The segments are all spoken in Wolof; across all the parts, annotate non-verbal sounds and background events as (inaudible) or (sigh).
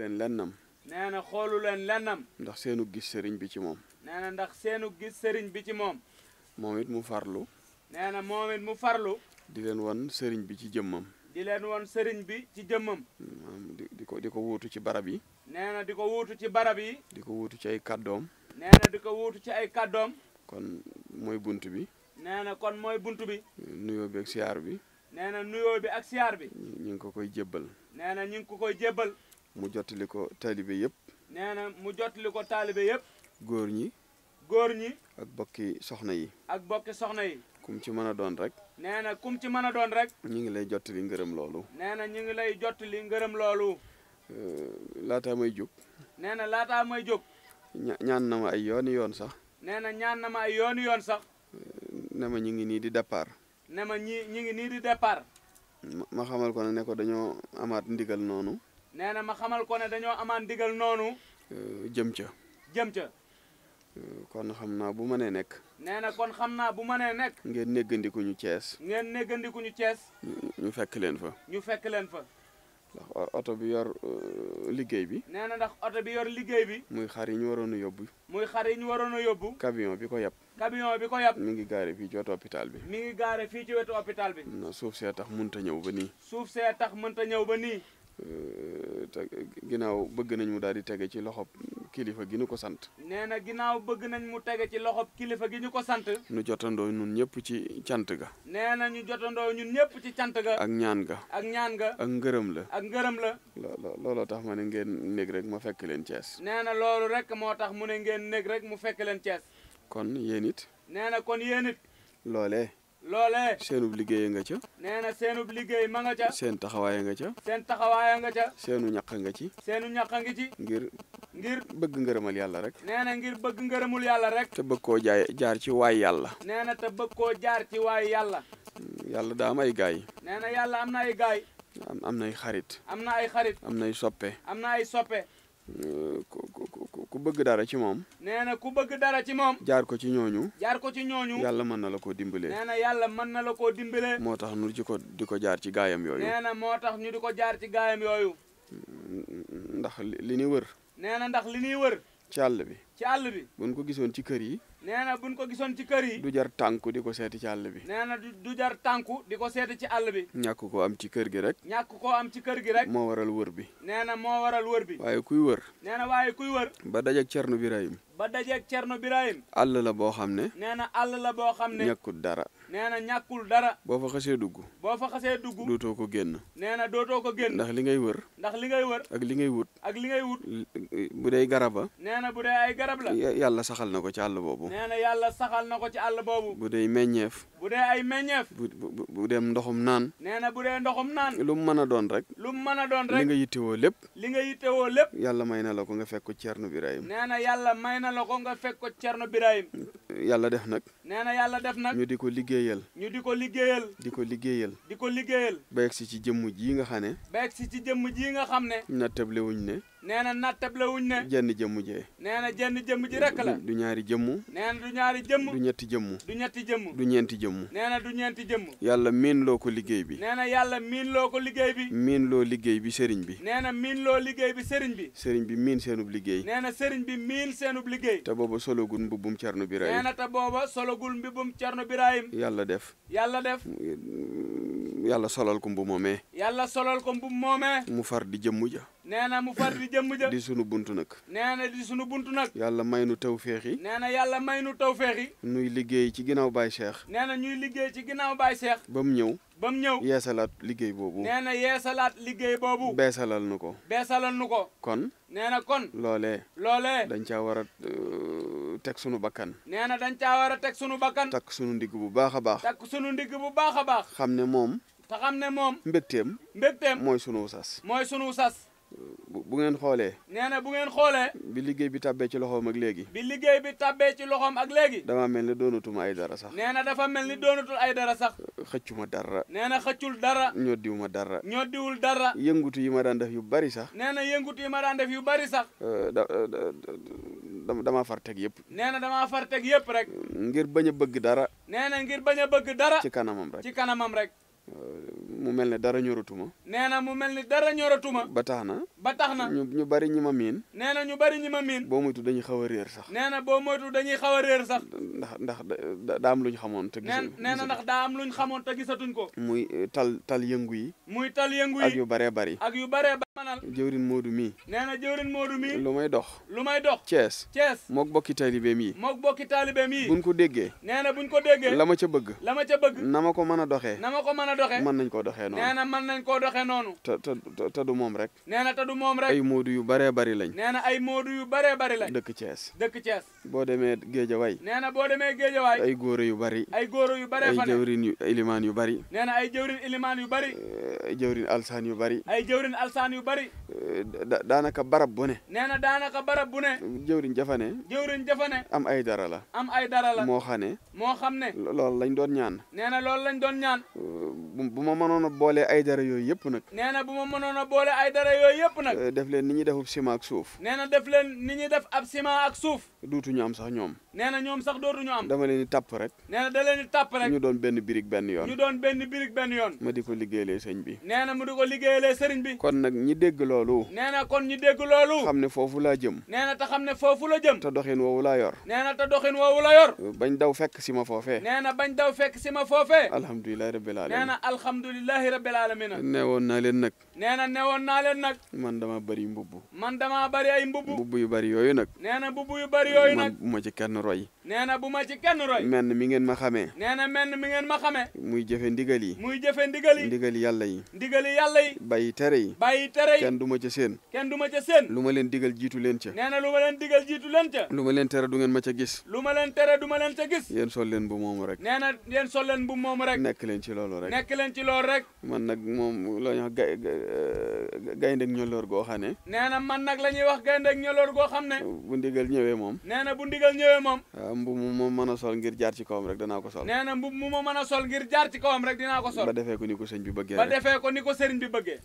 leen lennam nee na xoolu leen lennam ndax seenu gis sëriñ bi ci moom nee ndax seenu gis sëriñ bi ci moom moom it mu farlu nee na moom it mu farlu di leen wan sëriñ bi ci jëmmam di leen wan sëriñ bi ci jëmmam di ko di ko wuutu ci barab yi nee na di ko wuutu ci barab yi di ko wuutu ci ay kàddoom nee di ko wuutu ci ay kàddoom kon mooy bunt bi nee na kon mooy bunt bi nuyoo bi ak siyaar bi nee na nuyoo bi ak siyaar bi ñu ngi ko koy jébbal nee na ko koy jébbal mu jottali ko taalibe yëpp. nee na mu jottali ko taalibe yëpp. góor ñi. góor ñi. ak bokki soxna yi. ak bokki soxna yi. kum ci mën a doon rek. nee na kum ci mën a doon rek. ñu ngi lay jottali ngërëm loolu. nee na ñu ngi lay jottali ngërëm loolu. laataa may jóg. nee na laataa may jóg. ñaan na ay yooni yoon sax. nee na ñaan na ma ay yooni yoon sax. ne ma ñu ngi nii di départ. ne ma ñi ñu ngi nii di départ. ma xamal ko ne ko dañoo amaat ndigal noonu. nee na ma xamal ko ne dañoo amaan digal noonu. Euh, jëm ca. jëm ca. Euh, kon xam naa bu mënee nekk. nee na kon xam naa bu mënee nekk. ngeen néggandiku ñu Cees. ngeen néggandiku ñu Cees. ñu fekk leen fa. ñu fekk leen fa. ndax oto bi yor euh, liggéey bi. nee na ndax oto bi yor liggéey bi. muy xar yi ñu waroon a yóbbu. muy xar yi ñu waroon a yóbbu. camion bi ko yab. camion bi ko yab. mi ngi gaare fii ci wetu hôpital bi. mi ngi gaare fii ci wetu hôpital bi. na suuf see tax mënta ñëw ba nii. suuf see tax mënta ñëw ba nii. Euh, te ginnaaw bëgg nañ mu daal di tege ci loxob kilifa gi ñu ko sant. nee na ginnaaw bëgg nañ mu tege ci loxob kilifa gi ñu ko sant. ñu jotandoo ñun ñëpp ci cant ga. nee na ñu jotandoo ñun ñëpp ci cant ga. ak ñaan ga. ak ñaan ga. ak ngërëm la. ak ngërëm la. looloo tax ma ne ngeen néeg rek ma fekk leen Cees. nee na loolu rek moo tax mu ne ngeen néeg rek mu fekk leen Cees. kon yéen it. kon yéen it. loolee seenub liggéey nga ca nee na seenub liggéey ma nga ca seen taxawaaya nga ca seen taxawaaya nga ca seenu ñaq nga ci seenu ñaq nga ci ngir ngir bëgg ngërëmal yàlla rek nee ngir bëgg ngërëmul yàlla rek te bëgg koo jaay jaar ci waay yàlla nee na te bëgg koo jaar ci waay yàlla yàlla daa am ay gaay yi nee na yàlla am na ay gaay am am nay xarit am na ay xarit am nay soppe am na ay soppe ku ku ku bëgg dara ci moom. nee na ku bëgg dara ci moom. jaar ko ci ñooñu. jaar ko ci ñooñu. yàlla mën na la koo dimbalee. nee na yàlla mën na la koo dimbalee. moo tax ñu di ko di ko jaar ci gaayam yooyu. nee na moo tax ñu di ko jaar ci gaayam yooyu. ndax li li ñuy wër. nee na ndax li ñuy wër. ci bi. ci àll bi. bu buñ ko gisoon ci kër yi. nee na buñ ko gisoon ci kër yi. du jar tànku di ko seeti ci àll bi. nee na du jar tànku di ko seeti ci àll bi. ñàkk koo am ci kër gi rek. ñàkk ko am ci kër gi rek. moo waral wër bi. nee na moo waral wër bi. waaye kuy wër. nee na waaye kuy wër. ba dajeeg Cerno Birahim. ba dajeeg Cerno Birahim. àll la boo xam ne. nee àll la boo xam ne. ñàkkut dara. nee na ñàkkul dara. boo fa xasee dugg. boo fa xasee dugg. dootoo ko génn. nee na dootoo ko génn. ndax li ngay wër. ndax li ngay wër. ak li ngay wut. ak li ngay wut. bu dee garaba. nee na bu dee ay garab la. yàlla saxal na ko ci àll boobu. nee na yàlla saxal na ko ci àll boobu. bu dee meññeef. bu dee ay meññeef. bu bu ndoxum naan. nee na bu dee ndoxum naan. lu mu mën a doon rek. lu mu mën a doon rek. li nga yittewoo lépp. li nga yittewoo lépp. yàlla may na la ko nga fekk ko Cerno Birahim. nee na yàlla may na la ko nga fekk ko Cerno Birahim. yàlla def yàlla def nag. liggéeyal. ñu di ko liggéeyal. di ko liggéeyal. di ko liggéeyal. ba egsi ci jëmm jii nga xam ne. ba egsi ci jëmm jii nga xam ne. na wuñ ne. nee na nattable wuñ ne jenn jëmm nee na jenn jëmm ji rek la du ñaari jëmm nee na du ñaari jëmm du ñetti jëmm du ñetti jëmm du ñeenti jëmm nee na du ñeenti jëmm yàlla miinloo ko liggéey bi nee yàlla miinloo ko liggéey bi miin loo liggéey bi sëriñ bi nee na miin liggéey bi sëriñ bi sëriñ bi miin seenub liggéey nee na sëriñ bi miin seenub liggéey te booba sologul mbubbum Cerno Birahim nee na te booba sologul mbubbum Cerno Birahim yàlla def yàlla def yàlla solal ko mbubb moomee yàlla solal ko mbu mu far di jëmm ja nee na mu far di jëmm ja di sunu bunt nag nee na di sunu buntu nag yàlla may nu taw feex yi nee na yàlla may nu taw feex yi nuy liggéey ci ginnaaw baay Cheikh nee na ñuy liggéey ci ginnaaw Baye Cheikh ba mu ñëw ba mu ñëw yeesalaat liggéey boobu nee na yeesalaat liggéey boobu beesalal nu ko beesalal nu ko kon nee na kon loole loolee dañ caa war a euh, teg sunu bakkan nee na dañ caa war a teg sunu bakkan takk sunu ndigg bu baax a baax takk sunu ndigg bu baax a baax xam ne moom te xam ne moom mbégteem mbégteem mooy sunu sas bu ngeen xoolee. nee na bu ngeen xoolee. bi liggéey bi tàbbee ci loxoom ak léegi. bi liggéey bi tàbbee ci loxoom ak léegi. dama mel ni ay dara sax. nee na dafa mel ni doonatul ay dara sax. xëccuma dara. nee na xëccul dara. ñoddiwuma dara. ñoddiwul dara. yëngutu yi ma daan def yu bari sax. nee na yëngutu yi ma daan def yu bari sax. da far teg yëpp. nee na far teg yëpp rek. ngir bañ a bëgg dara. nee na ngir bañ a bëgg dara. ci kanamam rek ci kanamam rek. mu mel ne dara ñoratuma. nee na mu mel ni dara ñoratuma. ba tax na. ba tax na ñu ñu bari ñi ma miin. nee na ñu bari ñi ma miin. boo moytu dañuy xaw a réer sax. nee na boo moytu dañuy xaw a réer sax. ndax ndax daam am lu ñu xamoon te. gisatuñ am lu xamoon te gisatuñ ko. muy eh, tal tal yëngu yi. muy tal yëngu yi ak yu baree bari. ak yu baree bari. manal jëwrin Modou mii nee na jëwrin Modou mii lu may dox lu may dox Thiès Thiès mook bokki taalibeem yi mook bokki taalibeem yi buñ ko déggee nee na ko déggee la ma ca bëgg la ma na ma ko mën a doxee na ma ko mën a doxee mën nañ koo doxee noonu nee na mën nañ koo doxee noonu te te te du moom rek nee na te du moom rek ay moodu yu baree bari lañ nee na ay Modou yu baree bari lañ dëkk Thiès dëkk Thiès boo demee Géejawaay nee na boo demee Géejawaay ay góor yu bari ay góor yu bari fa ne ay jëwrin yu ilimaan yu bari nee na ay jëwrin ilimaan yu bari eh, ay jëwrin alsaan yu bari ay jëwrin alsaan yu bari eh, daanaka barab bu ne nee na daanaka barab bu ne ne jafane jëwriñ ne am ay dara la am ay dara la moo xam ne moo xam ne loolu lañ doon ñaan nee na loolu lañ doon ñaan eh, bu ma mënoon a boolee ay dara yooyu yëpp nag nee bu ma mënoon a boole ay dara yooyu yëpp nag def leen ni ñuy defub ciment ak suuf def leen ni ñuy def ab ciment ak suuf dootuñu am sax ñoom nee na ñoom sax dootuñu am dama leen di tàpp rek nee na da leen di rek ñu doon benn birig benn yoon ñu doon benn birig benn yoon ma di ko liggéeyalee sëñ bi nee na ko ñi dégg loolu nee na kon ñi dégg loolu xam ne foofu laa jëm nee na te xam ne foofu la jëm te doxin woowu laa yor nee na te doxin woowu la yor bañ daw fekk si ma foofee nee bañ daw fekk si ma foofee alhamdulilahi rabbil alamin nee na alhamdulilahi rabbil alamin nee woon naa leen nag nee woon naa leen nag man dama bëri mbubbu man dama bari ay mbubb mbubb yu bëri yooyu nag nee na mbubb yu bëri yooyu nag bu ci kenn roy nee na bu ma ci kenn roy menn mi ngeen ma xamee nee na menn ngeen ma xamee muy jëfe ndigal yi muy jëfe ndigal yi ndigal yàlla yi ndigal yàlla bay bàyyi tere yi bàyyi tere yi kenn du ma ca seen kenn du ma ca seen lu ma leen digal jiitu leen ca nee na lu ma leen digal jiitu leen ca lu leen tere du ngeen ma ca gis lu ma leen tere du ma leen ca gis yéen sol leen bu moomu rek nee na yéen sol leen bu moomu rek nekk leen ci loolu rek leen ci rek man nag moom la ñuy wax ga gayndeg ñoloor goo xam ne nee man nag la ñuy wax gayndeg ñoloor goo xam ne bu ndigal ñëwee ñëwee moom mbubb mu ma mën a sol ngir jaar ci kawam rek danaa ko sol nee na mbubb a sol ngir jaar ci ko sol ba defee ko ni ko sëñ bi bëggee ba defee ko ko sëriñ bi bëggee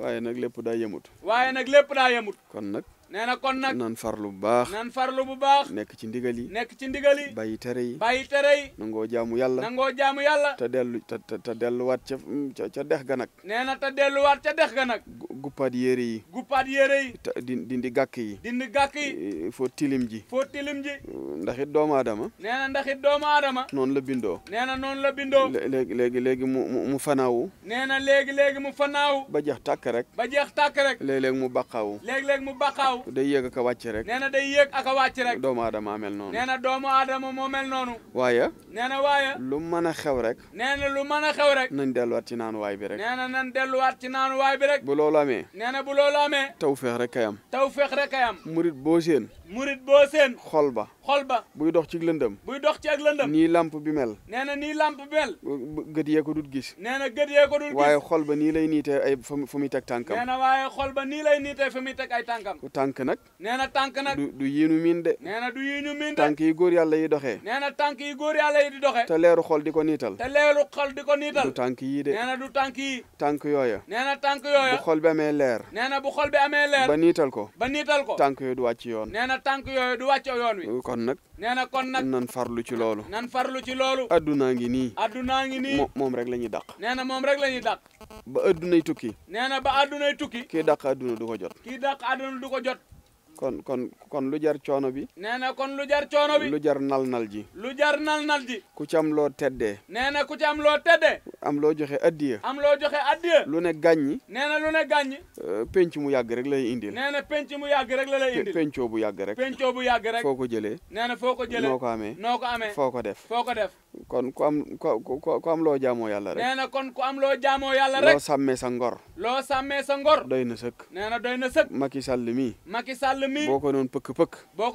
waaye nag lépp daa yemut waaye nag lépp daa yemut kon nag nee kon nak nan farlu bu baax nan farlu bu baax nek ci ndigal yi nek ci ndigal yi bàyyi tere yi bàyyi tere yi nango jaamu yalla nango jaamu yalla ta delu ta delu wat ci mm, ci ca dex ga nak leg ta delu wat ci dex ga nag guppaat yere yi guppaat yere yi di dindi gakk yi dindi gakk yi e, fo tilim ji fo tilim ji e, ndax it doomu aadama nee ndax it doomu aadama non la bindo nee non la bindo legi legi legi mu mu fanaawu nee legi leg mu fanaawu ba jeex tak rek ba jeex tak rek leg leg mu baqaawu leg leg mu baqaawu day yéeg ak a wàcc rek. nee na day yéeg ak a wàcc rek. doomu aadama amel noonu. nee na doomu aadama moo mel noonu. waaye. nee na waaye. lu mën a xew rek. nee lu mën a xew rek. nañ delluwaat ci naanu bi rek. nee na nañ delluwaat ci naanu waay bi rek. bu loolu amee. nee na bu loolu taw feex rek kayam. taw feex rek kayam. murit boo seen. murit boo seen. xol ba. xol ba buy dox ci lëndëm buy dox ci ak lëndëm nii lamp bi mel nee na nii lamp bi mel gët yee ko na gët yee ko dut waaye xol ba nii lay niitee ay fa fu muy teg tànkam nee na waaye xol nii lay niitee fu teg ay tànkam tànk nag nee na tànk nag du yii ñu miin de nee na du yii ñu tànk yi góor yàlla yi doxee nee na tànk yi góor yàlla yi di doxee te leeru xol di ko niital te leeru xol di ko niital tànk yii de du tànk yi tànk yooya na tànk yooya bu xol bi amee leer nee na bu xol bi amee leer ba niital ko ba niital ko tank yooyu du wàcc yoon nee na yooyu du wàcc yoon wi kon nag. nee na kon nag nan farlu ci loolu. nan farlu ci loolu. addunaa ngi nii. addunaa ngi nii. moom rek la ñuy dàq. nee na moom rek la ñuy dàq. ba addunay tukki. nee na ba addunay tukki. kii dàq adduna du ko jot. kii dàq adduna du ko jot. kon kon kon lu jar coono bi. nee na kon lu jar coono bi. lu jar nal nal ji. lu jar nal nal ji. ku ci am loo teddee. nee na ku ci am loo teddee. am loo joxe addiya am loo joxe lu ne gàññi nee na lu ne gàññi euh, penc mu yàgg rek lay indil nee na mu yàgg rek la lay indil pencoo bu yàgg rek pencoo bu yàgg rek foo ko jëlee nee foo ko jëlee noo ko amee foo ko def foo ko def kon ku am ku am loo jamoo yàlla rek nee kon ku am loo jamoo yàlla rek loo sàmmee sa ngor loo sàmmee sa ngor doy na sëkk na doy na sëkk Macky Sall mii Macky Sall mii boo ko noon pëkk-pëkk boo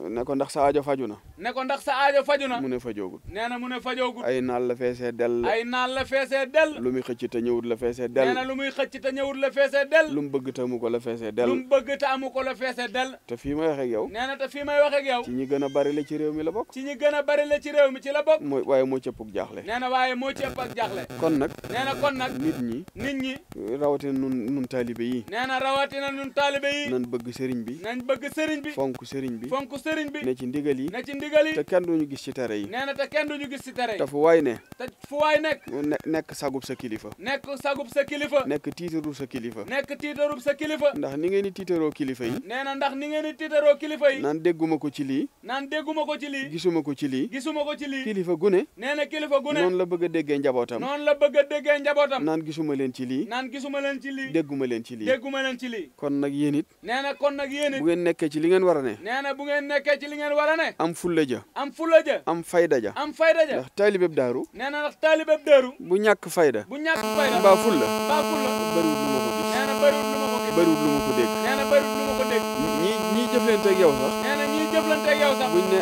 ne ndax sa aajo faju na ne ko ndax sa aajo faju na mu ne fajoogul nee na mu ne fajoogul ay naal la feesee del ay naal la feesee dell lu muy xëcc te ñëwut la feesee dell nee na lu muy xëcc te ñëwut la feese del lu mu bëgg te la feesee dell lu mu bëgg te amu ko la feesee dell yow nee na te wax ak yow ci ñi gën a bari la ci réew mi la bok ci ñi gën a bari la ci réew mi ci la bokk waaye moo cëpp ak jaaxle nee na waaye moo cëpp jaaxle kon nag nee na kon nag nit ñi nit ñi rawatina nun nun taalibe yi nee na rawatina nun taalibe yi nañ bëgg sëriñ bi nañ sëriñ bi fonk sëriñ bi fonk sëriñ bi ne ci ndigal yi ne ci ndigal yi te kenn duñu gis ci tere yi nee na te kenn duñu gis ci tere yi te fu waay ne te fu waay nekk nekk sagub sa kilifa nekk sagub sa kilifa nekk tiitarub sa kilifa nekk tiitarub sa kilifa ndax ni ngeen di tiitaroo kilifa yi nee na ndax ni ngeen di kilifa yi nan dégguma ko ci lii naan dégguma ko ci lii gisuma ko ci lii gisuma ko ci kilifa gune nee na kilifa gune noonu la bëgg a déggee njabootam noonu la bëgg a déggee njabootam naan gisuma leen ci lii naan gisuma leen ci lii dégguma leen ci lii dégguma leen ci lii kon nag yéen it na kon nag yéen it bu ci li ngeen war ngeen nekkee ci li ngeen war a ne am fulla ja am fulla am fayda ja am fayda ja ndax taalibeb daaru nee na ndax taalibeb daaru bu ñàkk fayda bu ñàkk fayda mbaa fulla fulla bëriwul lu ma ko gis nee na bëriwul lu ma ko gis bëriwul lu yow sax nee na ñii jëflante ak sax buñ ne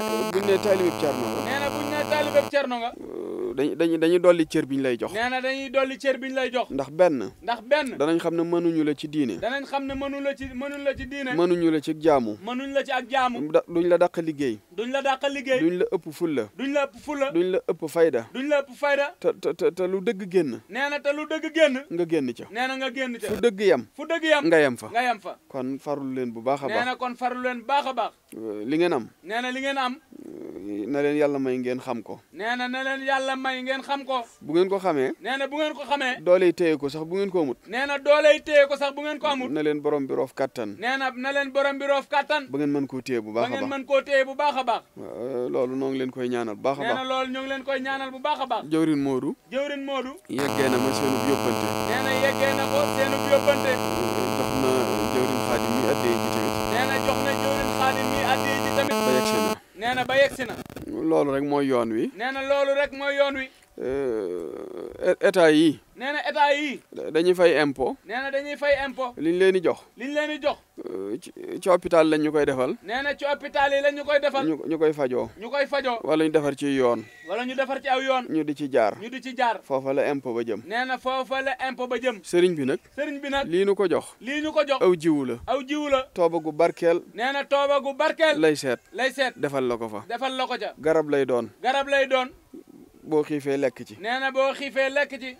buñ ne taalibeb cerno nga nee dañuy dañuy dolli cër bi ñu lay jox. nee na dañuy dolli cër bi ñu lay jox. ndax benn. ndax benn danañ xam ne mënuñu la ci diine. danañ xam ne mënuñ la ci mënuñ la ci diine. mënuñu la ci jaamu. mënuñ la ci ak jaamu. duñ la dàq liggéey. duñ la dàqal liggéey duñ la ëpp fulla duñ la ëpp fulla duñ la ëpp fayda duñ la ëpp fayda ta ta ta lu dëgg génn nee na te lu dëgg génn nga génn ca nee na nga génn ca fu dëgg fu dëgg nga fa nga fa kon farlu leen bu baax a baax nee na kon farlu leen lingenam baax a baax li ngeen am nee na li ngeen am na leen yàlla may ngeen xam ko nee na na leen yàlla may ngeen xam ko bu ngeen ko xamee nee na bu ngeen ko xamee téye ko sax bu ngeen ko amut nee na téye ko sax bu ngeen ko amut na leen borom bi roof kattan nee na na leen borom bi roof kattan ba ngeen mën koo téye bu baax a baax ba ngeen mën koo téye bu baax a baax euh, loolu noo ngi leen koy ñaanal bu baax a baax nee Moodu jëwrin Moodu yeggee ma seenu yóbbante nee na ko seenu yóbbante euh, jox na jëwrin Xaadim mi addee ji tamit nee na jox na jëwrin Xaadim mi ji tamit ba yegsi na loolu rek mooy yoon wi nee loolu rek mooy yoon wi euh, état yi nee na état yi dañuy fay impôt nee na dañuy fay impôt liñ leen di jox liñ leen di jox ci hôpital lañ ñu koy defal nee na ci hôpital yi lañ ñu koy defal ñu koy fajoo ñu ko fajoo wala ñu defar ci yoon wala ñu defar ci aw yoon ñu di ci jaar ñu di ci jaar foofa la impôt ba jëm nee na foofa la ba jëm sëriñ bi nag sëriñ bi nag lii ñu ko jox lii ñu ko jox aw jiwula aw jiwula la tooba gu barkeel nee na tooba gu barkeel lay seet lay seet defal la ko fa defal la ko ca garab lay doon lay doon boo xiifee lekk ci. nee na boo xiifee lekk ci.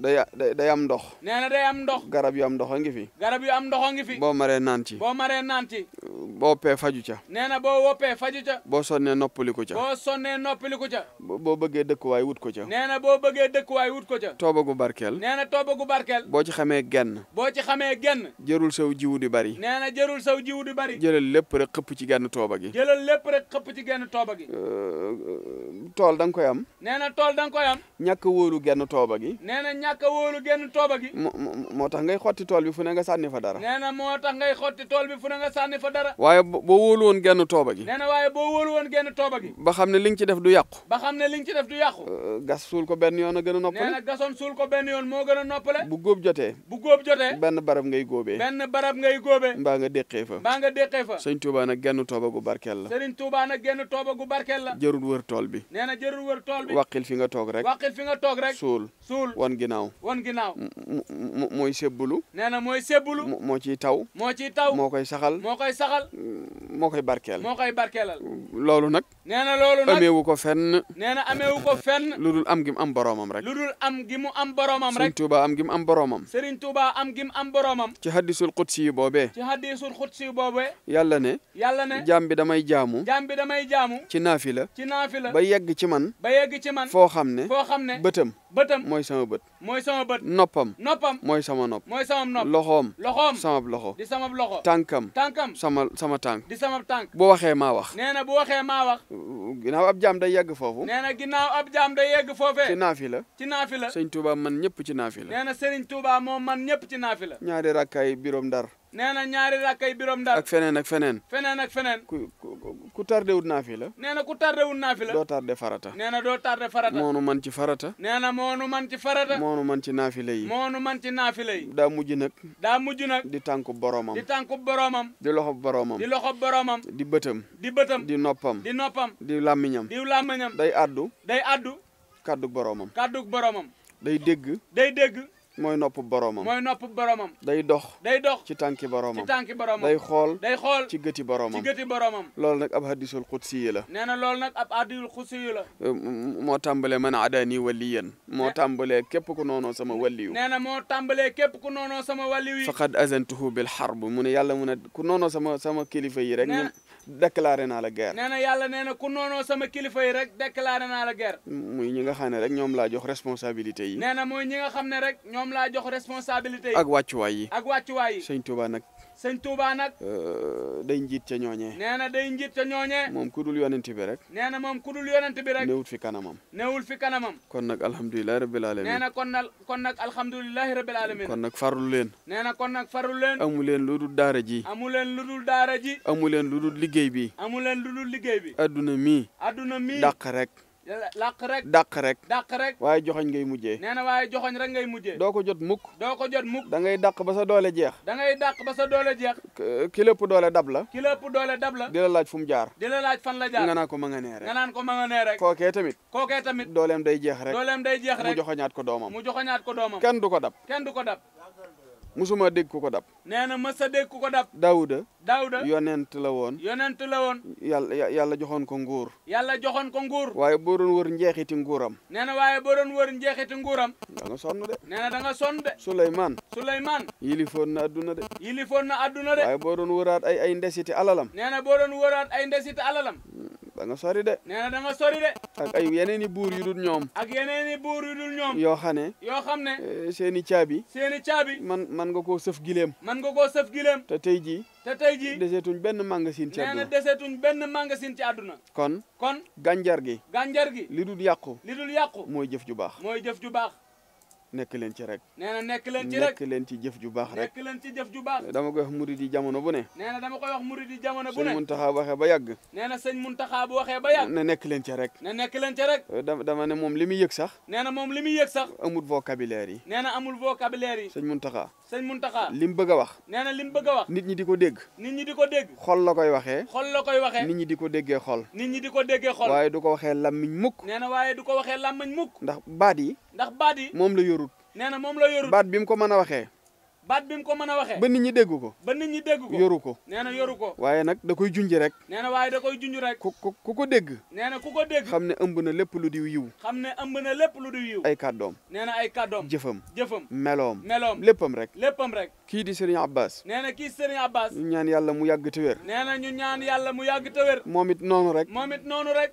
day day am ndox. nee na am ndox. garab yu am ndox a ngi fi. garab yu am ndox a ngi fi. boo maree naan ci. boo maree naan ci. boo pee faju ca. nee na boo woppee faju ca. boo sonnee noppaliku ca. boo sonnee noppaliku ca. boo bëggee dëkkuwaay wut ko ca. nee na boo bëggee dëkkuwaay wut ko ca. tooba gu barkeel. nee na tooba gu barkeel. boo ci xamee genn. boo ci xamee genn. jërul saw jiw di bari. nee na jërul sew jiw di bari. jëlal lépp rek xëpp ci genn tooba gi. jëlal lépp rek xëpp ci genn tooba gi. tool da nga koy am. nee tool da nga koy wóolu genn tooba gi. nee na ñàkk a wóolu génn tooba gi moo tax ngay xotti tool bi fu ne nga sànni fa dara moo tax ngay xotti tool bi fu ne nga sànni fa dara waaye boo wóolu genn tooba gi na waaye boo wóolu woon genn tooba gi ba xam ne li nga ci def du yàqu ba xam ne li nga ci def du yàqu gas suul ko benn yoon a gën a noppale nee na suul ko benn yoon moo gën a noppale bu góob jotee bu góob jotee benn barab ngay góobee benn barab ngay góobee mbaa nga fa mbaa nga déqee fa sëñ Tuubaa nag genn tooba gu barkeel la sëriñ Tuubaa genn tooba gu barkeel la jërul wër tool bi nee na jërul wër tool bi waqil fi nga toog rek waqil fi nga toog rek suul suul wan ginnaaw. wan ginnaaw. mooy sebbulu. nee na mooy sebbulu. moo ciy taw. moo ciy taw moo koy saxal. moo koy saxal. moo koy barkeel. moo koy barkeelal. loolu nag. nee na loolu nag ameewu ko fenn. nee na ameewu ko fenn. lu dul am gi mu am boromam rek. lu dul am gi mu am boromam rek. Serigne Touba am gi mu am boromam. Serigne Touba am gi mu am boromam. ci hadisul qudsi yi boobee. ci hadisul qudsi yi boobee. yàlla ne. yàlla ne jaam bi damay jaamu. jaam bi damay jaamu. ci naafila. ci naafila. ba yegg ci man. ba yegg ci man. foo xam ne. foo xam ne bëtam. bëtam mooy sama bët. mooy sama bët. noppam. noppam mooy sama nopp. mooy sama nopp loxoom. loxoom sama loxo. di sama loxo. tànkam. tànkam sama sama tànk. di sama tànk. bu waxee maa wax. nee na bu waxee maa wax. ginnaaw ab jaam day yegg foofu. nee na ab jaam day yegg foofee. ci naafi la. ci naafi la. sëñ Touba man ñëpp ci naafi la. nee na Serigne moom man ñëpp ci naafi la. ñaari rakkaay biroom Ndar. nee na ñaari rakkay birom ndar. ak feneen ak feneen. feneen ak feneen. ku ku tardé wut naa fi la. nee na ku tardé wut naa fi la. doo tardé farata. nee na doo tardé farata. moonu man ci farata. nee na moonu man ci farata. moonu man ci naafile moo moonu man ci naafile yi. daa mujj nag. daa mujj nag. di tànku boromam. di tànku boromam. di loxo boromam. di loxo boromam. di bëtam. di bëtam. di noppam. di noppam. di làmmiñam. di làmmiñam. day addu. day addu. kàddug boromam. kàddug boromam. day dégg. day dégg. moy nopp boromam moy nopp boromam day dox day dox ci tànki boromam ci tànki boromam day xol day xol ci gëti boromam ci gëti boromam lol nak ab hadithul qudsi la neena lol nak ab hadithul qudsi la mo tambale man adani waliyan mo tambale kep ku nono sama waliyu neena mo tambale kep ku nono sama waliyu faqad azantuhu bil harb mu yàlla mu ku nono sama sama kilifa yi rek déclaré naa la guerre. nee na yàlla nee na ku noonoo sama kilifa yi rek déclaré naa la guerre. mu ñi nga xam ne rek ñoom laa jox responsabilité yi. nee na mooy ñi nga xam ne rek ñoom laa jox responsabilité yi. ak wàccuwaay yi. ak wàccuwaay yi. sëñ Tuubaa nag sëñ Touba nag. Euh, day njiit ca ñooñee. nee na day njiit ca ñooñee. moom ku dul yonent bi rek. nee moom ku dul yonent bi rek. newul fi kanamam. newul fi kanamam. kon nag alhamdulilah rabbil alamin. nee na kon nag kon nag alhamdulilah rabbil kon nag farlu leen. nee na kon nag farlu leen. amu leen lu dul daara ji. amu leen lu dul daara ji. amu leen lu dul liggéey bi. amu leen lu dul liggéey bi. adduna mi. adduna mi daq rek. làq rek Dak rek dàq rek waaye joxoñ ngay mujjee nee na waaye joxoñ rek ngay mujjee doo ko jot mukk doo ko jot mukk da ngay dàq ba sa doole jeex da ngay dàq ba sa doole jeex ki lépp doole dab la ki lépp doole dab la di laaj fu jaar di laaj fan la jaar nga naan ma nga nee rek nga naan ko ma nga nee rek kookee tamit kookee tamit dooleem day jeex rek dooleem day jeex rek mu joxoñaat ko doomam mu joxoñaat ko doomam kenn du dab kenn du dab musuma dég ku ko dab. nee na mës a dégg ku ko dab. Daawuda. Daawuda yonent la woon. yonent la woon. yalla yàlla joxoon ko nguur. yàlla joxoon ko nguur. waaye boo doon wër njeexiti nguuram. nee na waaye boo doon wër njeexiti nguuram. da nga sonn de. nee na da nga sonn de. Suleymaan. Suleymaan. yilifoon na adduna de. yilifoon na adduna de. waaye boo doon wëraat ay ay ndesiti alalam. nee na boo doon wëraat ay ndesiti alalam. da nga sori de. nee na sori de. ay yeneen i buur yu dul ñoom. ak yeneen i buur yu dul ñoom. yoo xam ne. yoo xam ne. Eh, seen i caabi. seen i caabi. man man nga koo sëf gileem. man nga koo sëf gileem. te tey jii. te tey jii deseetuñ benn magasin ci àdduna deseetuñ benn magasin ci àdduna kon kon gànjar gi gànjar gi li dul yàqu li dul yàqu mooy jëf ju baax mooy jëf ju baax nekk leen ci rek. nee na nekk leen ci rek nekk leen ci jëf ju baax rek. nekk leen ci jëf ju baax. dama koy wax murid yi jamono bu ne. nee na dama koy wax murid yi jamono bu ne. sëñ Muntaxa bu waxee ba yàgg. nee na sëñ Muntaxa bu waxee ba yàgg. ne nekk leen ci rek. ne nekk leen ci rek. Eh, dama ne moom li muy yëg sax. nee na moom li muy yëg sax. amul vocabulaire yi. nee na amul vocabulaire yi. sëñ Muntaxa. sëñ Muntaxa li mu bëgg a wax. nee na li mu bëgg a wax. nit ñi di ko dégg. nit ñi di ko dégg. xol la koy waxee. xol la koy waxee. nit ñi di ko déggee xol. nit ñi di ko déggee xol. waaye du ko waxee lammiñ mukk. nee na waaye du ko waxee lammiñ mukk. ndax baat yi ndax baat bad moom la yorut nee na la yorut ko mën a waxee baat ko mën a waxee ba nit ñi dégg ko ba nit ñi dégg ko yoru ko hamne na yoru ko aikadom, nag da koy junj rek nee na waaye da koy rek ku ko ku ko ëmb na lu yiw ëmb na lu yiw ay ay rek rek di Serigne Abbas nee ki Serigne Abbas ñu ñaan yàlla mu yàgg te wér nee na ñu ñaan mu te rek moom it rek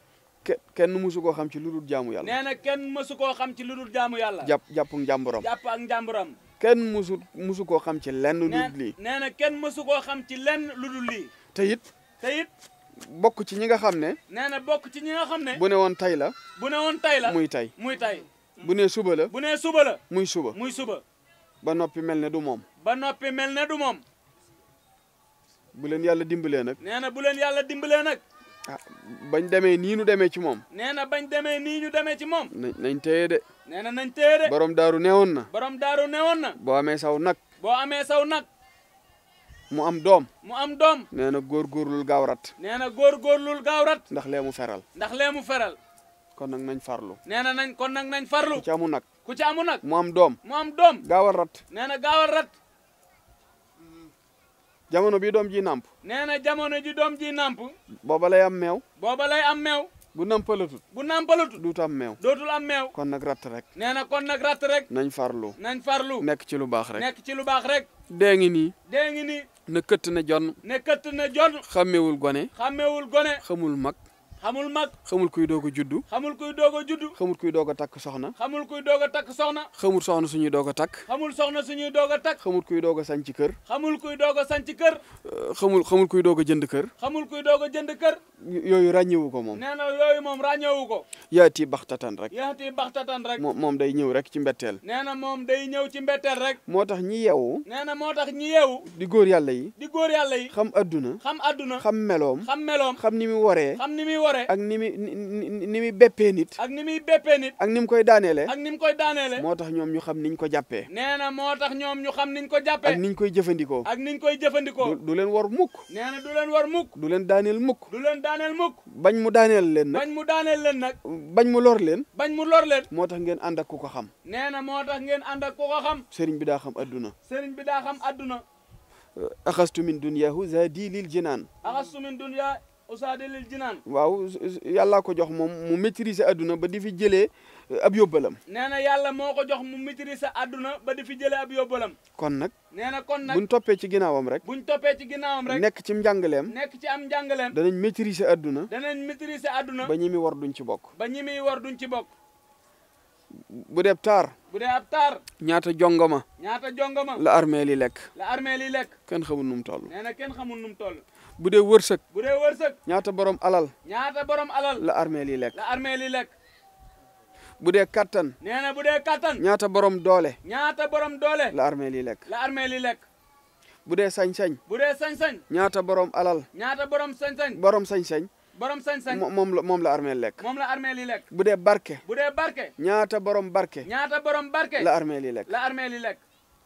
kenn mësu koo xam ci lu dul jaamu yàlla. nee na kenn mësu koo xam ci lu dul jaamu yàlla. jàpp jàpp njàmburam. ak njàmburam. kenn mësu mësu koo xam ci lenn lu lii. nee na kenn mësu koo xam ci lenn lu dul lii. te it. te it. bokk ci ñi nga xam ne. nee na bokk ci ñi nga xam ne. bu ne woon tay la. bu ne woon tay la muy tay. muy tay. bu ne suba la. bu nee suba muy suba. muy suba. ba noppi mel ne du moom. ba noppi mel ne du moom. bu leen yàlla dimbalee nag. nee na yàlla dimbalee nag. ah bañ demee nii ñu demee ci moom. nee na bañ demee nii ñu demee ci moom. nañ nañ téye de. nee na nañ téye de. borom daaru newoon na. borom daaru newoon na. boo amee saw nag. boo amee saw nag. mu am doom. mu am doom. nee na góorgóorlul gaaw rat. nee na góorgóorlul gaaw rat. ndax lee mu feral. ndax lee mu feral. kon nag nañ farlu. nee na nañ kon nag nañ farlu. ku ci amu nag. ku ci amu nag. mu am doom. mu am doom. gaawal rat. nee na gaawal rat. jamono bi doom ji namp. nee na jamono ji doom ji namp. booba lay am meew. booba lay am meew. bu nampalatut. bu nampalatut. duutu am meew. dootul am meew. kon nag rat rek. nee na kon nag rat rek. nañ farlu. nañ farlu. nekk ci lu baax rek. nekk ci lu baax rek. dee ngi nii. dee ngi nii. ne këtt ne jonn. ne këtt ne jonn. xàmmewul gone. xàmmewul gone. xamul mag. xamul mag xamul kuy doog a juddu xamul kuy doog a juddu xamul kuy doog a takk soxna xamul kuy doog a takk soxna xamul soxna suñuy doog a takk xamul soxna suñuy doog a takk xamul kuy doog a sanc kër xamul kuy doog a sanc kër xamul xamul kuy doog a jënd kër xamul kuy doog a jënd kër yooyu ràññewu ko moom nee na yooyu moom ràññewu ko yaati baxtatan rek yaati baxtatan rek moom day ñëw rek ci mbetteel nee na moom day ñëw ci mbetteel rek moo tax ñi yeewu nee na moo tax ñi yeewu di góor yàlla yi di góor yàlla yi xam adduna xam adduna meloom xam ni mu waree yore. ak ni muy ni ak ni muy béppee nit. ak ni mu koy daaneele. ak ni mu koy daaneele. moo tax ñoom ñu xam niñ ko jàppee. nee na moo tax ñoom ñu xam niñ ko jàppee. ak niñ koy jëfandikoo. ak niñ koy jëfandikoo. du leen war mukk. nee na du leen war mukk. du leen daaneel mukk. du leen daaneel mukk. bañ mu daaneel leen nag. bañ mu daaneel leen nag. bañ mu lor leen. bañ mu lor leen. moo tax ngeen ànd ak ku ko xam. nee na moo tax ngeen ànd ak ku ko xam. sëriñ bi daa xam adduna. sëriñ bi daa xam adduna. axastu min duniyaahu zaadi lil jinaan. axastu min duniyaa usaadalil jinaan waaw yàllaa ko jox moom mu maîtriser adduna ba di fi jëlee ab yobëlam nee na yàlla moo ko jox mu maîtriser adduna ba di fi jëlee ab yóbbalam kon nag nee na kon buñ toppee ci ginnaawam rek buñ toppee ci ginnaawam rek nekk ci njàngaleem nekk ci am njàngaleem danañ maîtriser adduna danañ maîtriser adduna ba ñi muy war duñ ci bokk ba ñi muy war duñ ci bokk bu dee ab taar bu dee ab taar ñaata jongoma ñaata jongoma la armée li lekk la armée li lekk kenn xamul nu mu toll nee na kenn xamul nu mu toll Bude wursak, bude wursak. Nyata borom alal. nyata borom alal. la armée li lek la armée li lek bu katan kattan. nee katan ñaata borom dole ñaata borom dole la armée li lek la armée li lek bude sañ-sañ. bu sañ-sañ. ñaata borom alal. nyata borom sañ-sañ. borom sañ-sañ. borom sañ-sañ mom la mom la armée lek mom la armée li lek bu barké barke. barké ñaata borom barke. ñaata borom barke. la armée li lek la armée li lek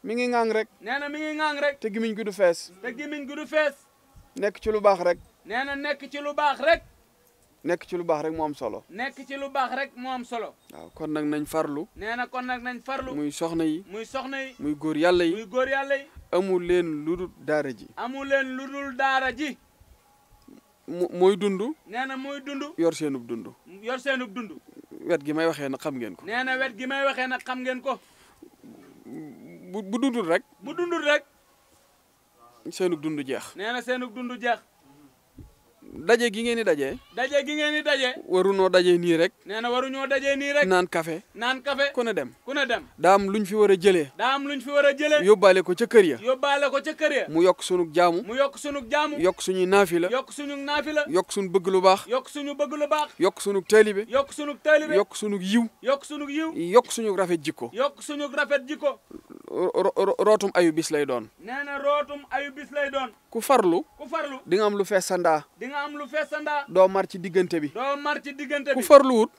mi ngi ngang rek. nee mi ngi ngang rek. te gimiñ gudu fess te gimiñ gudu fess nekk ci lu baax rek. nee na nekk ci lu baax rek. nekk ci lu baax rek moo solo. nekk ci lu baax rek moo am solo. waaw kon nag nañ farlu. nee na kon nag nañ farlu. muy soxna yi. muy soxna yi. muy góor yàlla yi. muy góor yàlla yi. leen lu dul daara ji. amul leen lu dul daara ji. mu mooy dund. nee na mooy dund. yor seenub dund. yor seenub dund. wet gi may waxee na xam ngeen ko. nee na wet gi may waxee nag xam ngeen ko. bu bu rek. bu dundul rek. seenug dund jeex. nee na seenug dund jeex. daje gi ngeen di daje. daje gi ngeen di daje. waruñoo daje nii rek. nee na waruñoo daje nii rek. naan kafe naan café ku ne dem. ku dem daa am luñ fi war a jëlee. daa am luñ fi war a jëlee. yóbbaale ko ca kër ya. yóbbaale ko ca kër ya. mu yokk sunug jaamu. mu yokk sunug jaamu. yokk suñuy naafi la. yokk suñu naafi la. yokk suñu bëgg lu baax. yokk suñu bëgg lu baax. yokk sunug taalibe. yokk sunug taalibe. yokk sunug yiw. yokk sunug yokk suñu rafet jiko rootum ayu lay doon. nee na rootum ayu doon. ku farlu. ku farlu di nga am lu fees sa ndaa. di nga am lu fees sa ndaa. doo mar ci diggante bi. doo mar ci diggante bi ku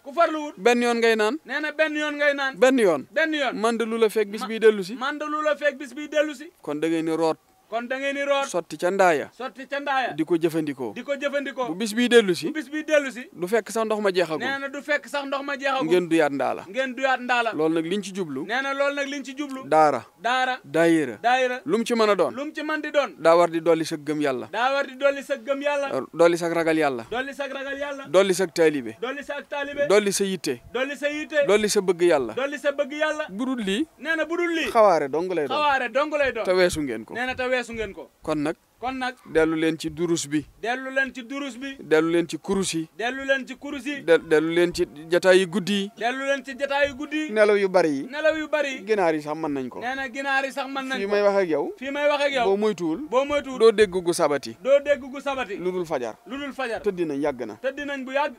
ku farluwut benn yoon ngay naan. nee na benn yoon ngay naan. benn yoon. benn yoon man de lu la feeg bis biy dellu si. man lu la feeg biy dellu si. kon da ngay ni root. kon da ngay ni root soti ca ndaya soti ca ndaya diko jefandiko diko jefandiko bu bis bi dellu si bu bis bi dellu si du fekk sax ndox ma jeexagu neena du fekk sax ndox ma jeexagu ngeen yaat ndala ngeen yaat ndala lol nak liñ ci jublu neena lol nak liñ ci jublu dara dara daayira daayira lum ci mën don lum ci man di don da war di doli sa gem yalla da war di doli sa gem yalla doli sa ragal yalla doli sa ragal yalla doli sa talibé doli sa talibé doli sa yité doli sa yité doli sa bëgg yalla doli sa bëgg yalla budul li neena budul xawaare dong lay do xawaare dong lay do ta wessu ngeen ko neena ta weesu ngeen ko. kon nag. kon nag dellu leen ci durus bi. dellu leen ci durus bi. dellu leen ci kurus yi. dellu leen ci kurus yi. de dellu leen ci jataay yu guddi dellu leen ci jataay yu guddi yi. nelaw yu bari yi. nelaw yu bari ginaar yi sax mën nañ ko. nee ginaar yi sax man nañ ko fii may wax ak yow. fii may wax ak yow boo moytuwul. boo moytuwul doo dégg gu sabati. doo dégg gu sabati. lu dul fajar. lu dul fajar tëddi nañ yàgg na. tëddi bu yàgg.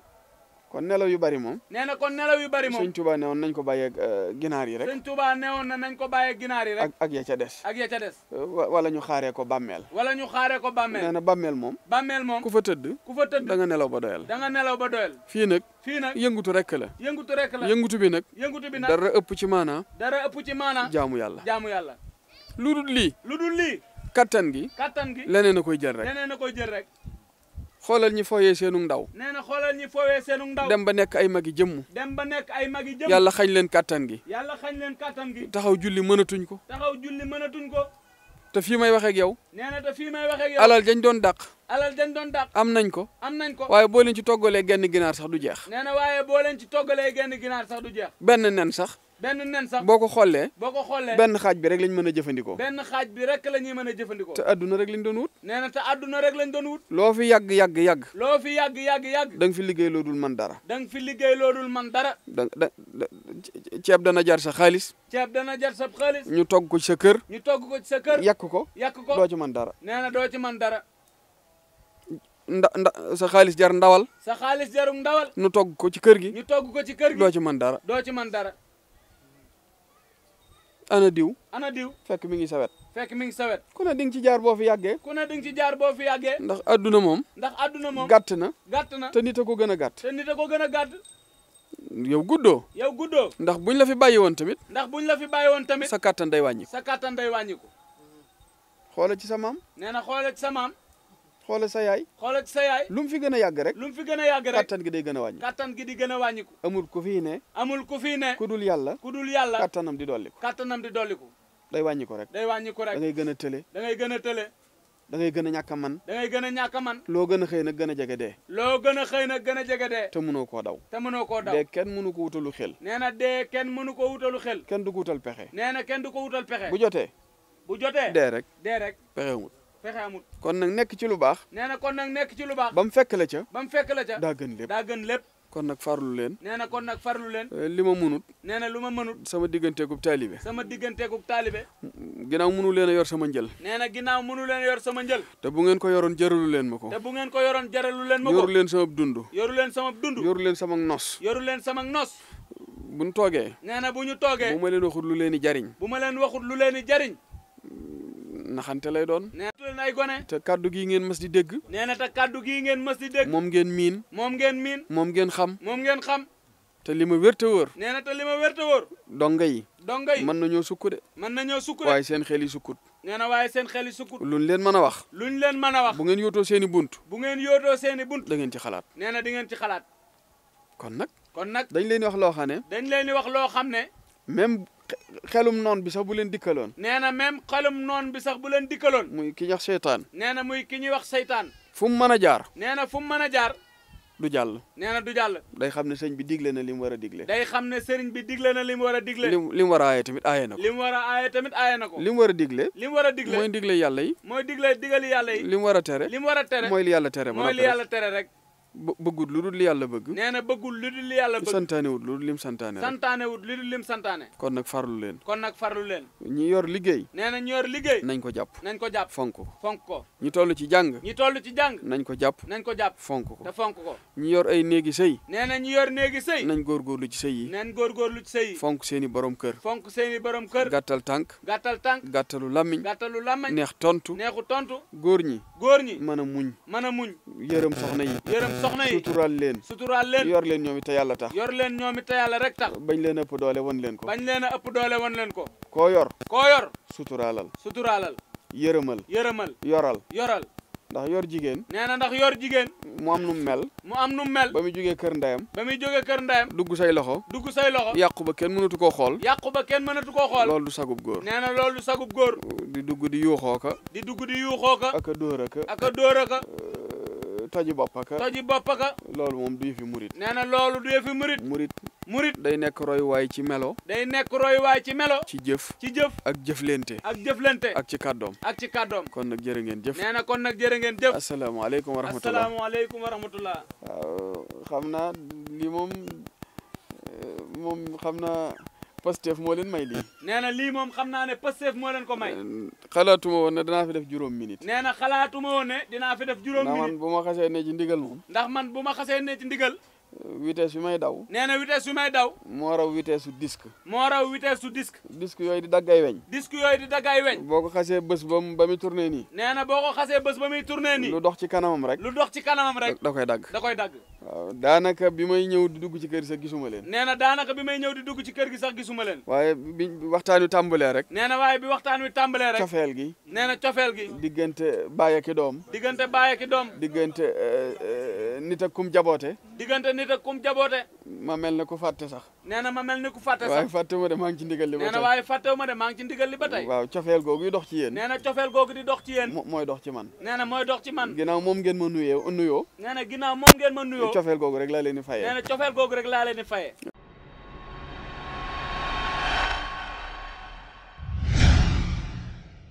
kon nelaw yu bari moom nee na kon nelaw yu bari moom sëñ ne newoon nañ ko bàyyeeg euh, ginaar yi rek sëñ Tuubaa newoon na nañ ko bàyyeeg ginaar yi rek ak ak ya ca des ak ca des euh, wala ñu xaaree ko bàmmeel wala ñu xaaree ko bàmmeel na bàmmeel moom bàmmeel moom ku fa tëdd ku fa tëdd da nelaw ba doyal da nga nelaw ba doyal fii nag fii nag yëngutu rek la yëngutu rek la bi nag yëngutu bi dara ëpp ci maanaa dara ci maanaa jaamu yàlla jaamu yàlla lu dul lii lu dul lii kattan gi kattan gi leneen a koy jël rek leneen a koy jël rek xoolal ñi fooyee seenu ndaw. nee na xoolal ñi fooyee seenu ndaw. dem ba nekk ay magi jëmm. dem ba nekk ay magi jëmm. yàlla xañ leen kàttan gi. yàlla xañ leen kàttan gi. taxaw julli mënatuñ ko. taxaw julli mënatuñ ko. te fii may wax ak yow. nee na te fii may wax ak yow. alal dañ doon dàq. alal dañ doon dàq. am nañ ko. am nañ ko waaye boo leen ci toggalee genn ginaar sax du jeex. nee na waaye boo leen ci toggalee genn ginaar sax du jeex. benn nen sax. benn nen sax boo ko xoolee boo ko xoolee benn xaaj bi rek lañ mën a jëfandikoo benn xaaj bi rek mën a jëfandikoo te adduna rek lañ doon wut nee rek lañ doon wut loo fi yàgg yàgg yàgg loo fi yàgg yàgg yàgg da fi liggéey loodul man dara da fi liggéey loodul man dara da ceeb dana jar sa xaalis ceeb dana jar sa xaalis ñu togg ko ci sa kër ñu togg ko ci sa kër yàq ko yàq ko doo ci man dara nee na doo ci man dara nda nda sa xaalis jar ndawal sa xaalis jarum ndawal ñu togg ko ci kër gi ñu togg ko ci kër gi doo ci man dara doo ci man dara ana diw ana diw fekk mi ngi sawet fekk mi ngi sawet ku ne di nga ci jaar boo fi yàggee ku ne di nga ci jaar boo fi yàggee ndax adduna moom ndax moom gàtt na gàtt na te nit ko gën a gàtt te nit a ko gën a gàtt yow guddoo yow guddoo ndax buñ la fi bàyyi woon tamit ndax buñ la fi bàyyi woon tamit sa kàttan day wàññiku sa kàttan day wàññiku xoola ci sa maam nee na xoola sa maam xoolal sa yaay xoolal sa yaay lu mu fi gën a yàgg rek lu fi gën a yàgg rek kattan gi day gën a wàññi kattan gi di gën a wàññiku amul ku fi ne amul ku fii ne ku dul yàlla ku dul yàlla kattanam di dolliku kattanam di dolliku day wàññi ko rek day wàññi rek da gën a tële da gën a tële da ngay gën a ñàkk man da ngay a ñàkk man loo gën a xëy nag gën a jege dee loo gën a xëy nag gën a jege dee te mënoo koo daw te mënoo koo daw dee kenn mënu ko wutalu xel nee na dee kenn mënu ko wutalu xel kenn du ko wutal pexe nee na kenn du ko wutal pexe bu jotee bu jotee dee rek de rek pexe fexe amut kon nag nekk ci lu baax nee na kon nag nekk ci lu baax ba mu fekk la ca ba mu fekk la ca daa gën lépp daa gën lépp kon nag farlu leen nee na kon nag farlu leen eh, li ma munut nee na munut sama digganteegub taalibe sama digganteegub taalibe ginnaaw munu leen a yor sama njël nee na munu leen a yor sama njël te bu ngeen ko yoroon jaralu leen ma ko te bu ngeen ko yoroon jaralu leen ma ko yoru leen sama dund yoru leen sama dund yoru leen sama nos yoru leen sama nos bu ñu toogee nee na bu ñu toogee bu leen waxut lu leen jariñ bu ma leen waxut lu leen jariñ naxante lay doon. nee na ay gone. te kaddu gii ngeen mës di dégg. nee na te kaddu gii ngeen mës di dégg. moom ngeen miin. moom ngeen miin. moom ngeen xam. moom ngeen xam. te li ma wér te nee na te li ma wér te wóor. donga yi. donga yi mën nañoo sukk de. mën nañoo sukk de waaye seen xeel yi sukkut. nee na waaye seen xel yi sukkut. ñu leen mën a wax. luñ leen mën a wax. bu ngeen yootoo seen i bunt. bu ngeen yootoo seen i bunt. da ngeen ci xalaat. nee di ngeen ci xalaat. kon nag. kon nag dañ leen wax loo xam ne. dañ leen di wax loo xam ne. même xelum noon bi sax bu leen dikkaloon. nee na même xelum noon bi sax bu leen dikkaloon. muy ki ñuy wax seytaan. nee na muy ki ñuy wax seytaan. fu mu mën a jaar. nee na fu mu mën a jaar. du jàll. nee na du jàll. day xam ne sëñ bi digle na li mu war a digle. day xam ne sëriñ bi digle na li mu war a digle. li mu li mu war a na a aaye na ko. mu war a li mu war a digle mooy digle yàlla yi. mooy digle digali yàlla yi. li mu war a tere. li mu war a tere mooy li yàlla tere. mooy li yàlla tere rek. bëggul lu dul li yàlla bëgg. nee na bëggul lu dul li bëgg. santaane wut lu dul lim santaane. santaane wut lu dul lim santaane. kon nag farlu leen. kon nag farlu leen. ñi yor liggéey. nee na yor liggéey. nañ ko jàpp. nañ ko jàpp fonk ko. fonk ko ñi toll ci jàng. ñi toll ci jàng. nañ ko jàpp. nañ ko jàpp fonk ko. ko. yor ay néegi sëy. nee na ñi yor néegi sëy. nañ góorgóorlu ci sëy yi. nañ góorgóorlu ci sëy fonk seeni borom kër. fonk seeni borom kër. gàttal tànk. gàttal tànk. gàttalu làmmiñ. gàttalu làmmiñ. neex tontu. neexu tontu. góor ñi. góor ñi mën a muñ. mën muñ. yërëm soxna yi. yërëm soxna yi suturaal leen suturaal leen yor leen ñoom it te yàlla tax yor leen ñoom it te yàlla rek tax bañ leen ëpp doole wan leen ko bañ leen a ëpp doole wan leen ko koo yor koo yor suturaalal suturaalal yërëmal yërëmal yoral yoral ndax yor jigéen nee na ndax yor jigéen mu am nu mel mu am nu mel ba muy jógee kër ndayam ba muy kër ndeyam dugg say loxo dugg say loxo yàqu ba kenn mënatu koo xool yàqu ba kenn mënatu koo xool loolu du sagub góor loolu du góor di dugg di yuuxoo ka di dugg di yuuxoo ka ak a dóor toji boppaka toji boppaka loolu moom du fi murit nee na loolu du yëfi murit murit murit day nekk roy waay ci melo day nekk roy waay ci melo ci jëf ci jëf ak jëflente ak jëflente ak ci kàddoom ak ci kàddoom kon nag jërë ngeen jëf nee na kon nag jërë ngeen jëf asalaamaaleykum wa rahmatullah asalaamaaleykum wa rahmatullah waaw xam na li moom moom xam naa Pastef moo leen may lii. (laughs) nee na lii moom xam naa ne Pastef moo leen ko may. xalaatuma woon ne danaa fi def juróom minute. nee na xalaatuma woon ne dinaa fi def juróom minute. ndax man bu ma xasee ne ji ndigal moom. ndax man bu ma xasee ne ci ndigal. vitesse yu may daw. nee na vitesse yu may daw. moo raw vitesse su disque. moo raw vitesse su disque. disque yooyu di daggay weñ. disque yooyu di daggay weñ. boo ko xasee bës ba mu ba muy tourné nii. nee na boo ko xasee bés ba muy tourné nii. lu dox ci kanamam rek. lu dox ci kanamam rek. da koy dagg da koy dagg. waaw daanaka bi may ñëw di dugg ci kër gi sax gisuma leen nee na daanaka bi may ñëw di dugg ci kër gi sax gisuma leen waaye bi waxtaan wi tàmbalee rek nee na waaye bi waxtaan wi tàmbalee rek cofeel gi nee na cofeel gi diggante baay ak doom diggante baay ak doom diggante eh, eh, nit ak kum jaboote diggante nit ak kum jaboote ma mel ne ku fàtte sax nee na ma mel ni ku fàtte sax waaye fàttewu de maa ci ndigal li ba tey nee na waaye fàttewu ma de maa ngi ci ndigal li ba tey waaw cofeel googu yi dox ci yéen nee na cofeel googu di dox ci yéen mooy dox ci man nee na mooy dox ci man ginnaaw moom ngeen ma nuyoo nuyoo nee na moom ngeen ma nuyoo cofeel googu rek laa leen di fayee nee na cofeel googu